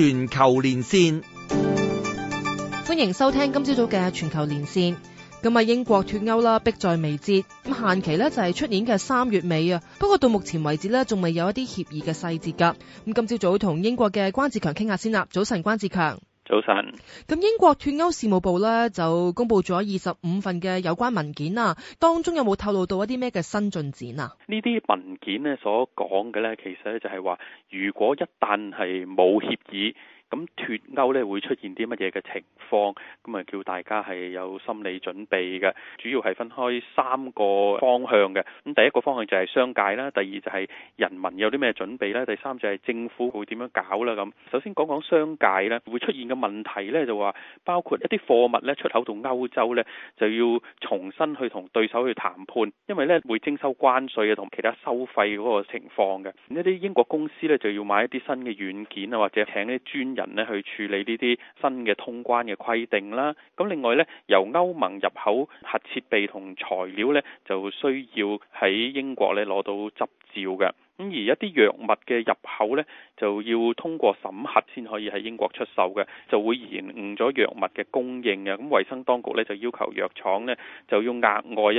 全球連線，歡迎收聽今朝早嘅全球連線。咁啊，英國脫歐啦，迫在眉睫。咁限期呢就係出年嘅三月尾啊。不過到目前為止呢，仲未有一啲協議嘅細節噶。咁今朝早同英國嘅關志強傾下先啦。早晨，關志強。早晨。咁英國脫歐事務部咧就公布咗二十五份嘅有關文件啊，當中有冇透露到一啲咩嘅新進展啊？呢啲文件咧所講嘅咧，其實咧就係話，如果一旦係冇協議。咁脱歐咧會出現啲乜嘢嘅情況？咁啊叫大家係有心理準備嘅，主要係分開三個方向嘅。咁第一個方向就係商界啦，第二就係人民有啲咩準備啦，第三就係政府會點樣搞啦咁。首先講講商界咧，會出現嘅問題咧就話包括一啲貨物咧出口到歐洲咧就要重新去同對手去談判，因為咧會徵收關稅啊同其他收費嗰個情況嘅。一啲英國公司咧就要買一啲新嘅軟件啊，或者請啲專業人呢去處理呢啲新嘅通關嘅規定啦，咁另外呢，由歐盟入口核設備同材料呢，就需要喺英國呢攞到執照嘅，咁而一啲藥物嘅入口呢，就要通過審核先可以喺英國出售嘅，就會延誤咗藥物嘅供應啊，咁衞生當局呢，就要求藥廠呢，就要額外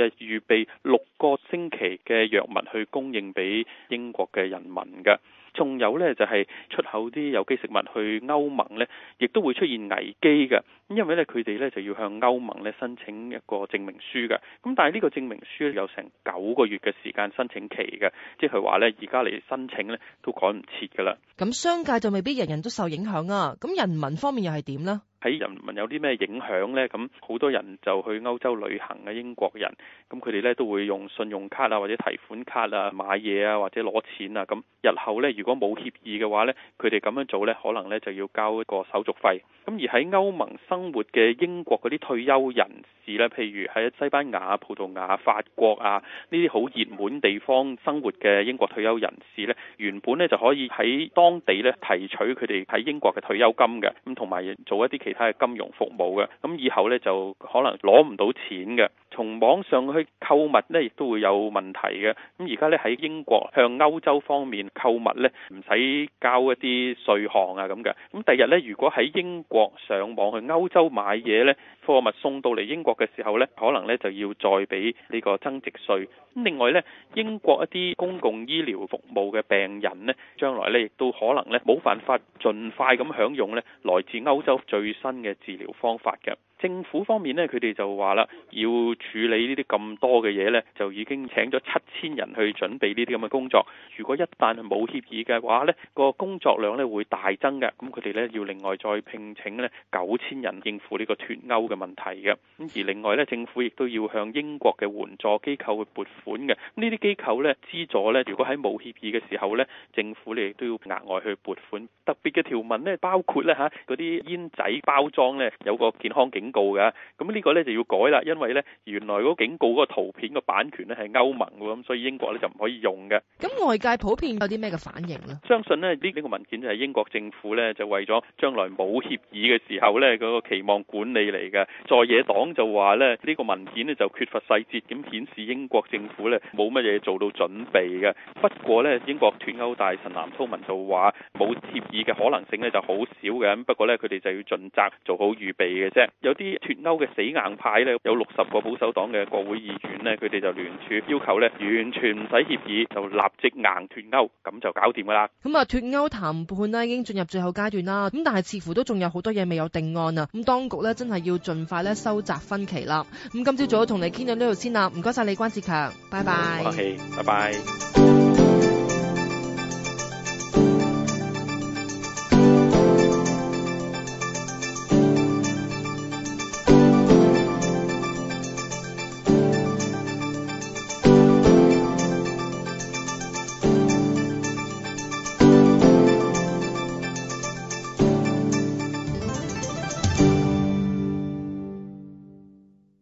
啊預備六個星期嘅藥物去供應俾英國嘅人民嘅。仲有咧，就係出口啲有機食物去歐盟咧，亦都會出現危機嘅，因為咧佢哋咧就要向歐盟咧申請一個證明書嘅。咁但係呢個證明書有成九個月嘅時間申請期嘅，即係話咧而家嚟申請咧都趕唔切噶啦。咁商界就未必人人都受影響啊。咁人民方面又係點呢？喺人民有啲咩影響咧？咁好多人就去歐洲旅行嘅英國人，咁佢哋咧都會用信用卡啊或者提款卡啊買嘢啊或者攞錢啊。咁日後咧如果冇協議嘅話咧，佢哋咁樣做咧可能咧就要交一個手續費，咁而喺歐盟生活嘅英國嗰啲退休人士咧，譬如喺西班牙、葡萄牙、法國啊呢啲好熱門地方生活嘅英國退休人士咧，原本咧就可以喺當地咧提取佢哋喺英國嘅退休金嘅，咁同埋做一啲其他嘅金融服務嘅，咁以後咧就可能攞唔到錢嘅。從網上去購物咧，亦都會有問題嘅。咁而家咧喺英國向歐洲方面購物咧，唔使交一啲稅項啊咁嘅。咁第日咧，如果喺英國上網去歐洲買嘢咧，貨物送到嚟英國嘅時候咧，可能咧就要再俾呢個增值稅。咁另外咧，英國一啲公共醫療服務嘅病人咧，將來咧亦都可能咧冇辦法盡快咁享用咧來自歐洲最新嘅治療方法嘅。政府方面呢，佢哋就話啦，要處理呢啲咁多嘅嘢呢，就已經請咗七千人去準備呢啲咁嘅工作。如果一旦冇協議嘅話呢，個工作量呢會大增嘅。咁佢哋呢要另外再聘請呢九千人應付呢個脫歐嘅問題嘅。咁而另外呢，政府亦都要向英國嘅援助機構去撥款嘅。呢啲機構呢，資助呢，如果喺冇協議嘅時候呢，政府亦都要額外去撥款。特別嘅條文呢，包括呢吓嗰啲煙仔包裝呢，有個健康警告嘅，咁呢個咧就要改啦，因為咧原來嗰警告嗰個圖片個版權咧係歐盟嘅，咁所以英國咧就唔可以用嘅。咁外界普遍有啲咩嘅反應咧？相信咧呢呢幾個文件就係英國政府咧就為咗將來冇協議嘅時候咧嗰個期望管理嚟嘅。在野黨就話咧呢個文件咧就缺乏細節，咁顯示英國政府咧冇乜嘢做到準備嘅。不過咧英國脫歐大臣藍韜文就話冇協議嘅可能性咧就好少嘅，不過咧佢哋就要盡責做好預備嘅啫。有。啲脫歐嘅死硬派咧，有六十個保守黨嘅國會議員呢，佢哋就聯署要求咧，完全唔使協議就立即硬脫歐，咁就搞掂噶啦。咁啊，脫歐談判呢已經進入最後階段啦，咁但係似乎都仲有好多嘢未有定案啊。咁當局咧真係要盡快咧收窄分歧啦。咁今朝早同你傾到呢度先啦，唔該晒，你關志強，拜拜，拜拜。拜拜。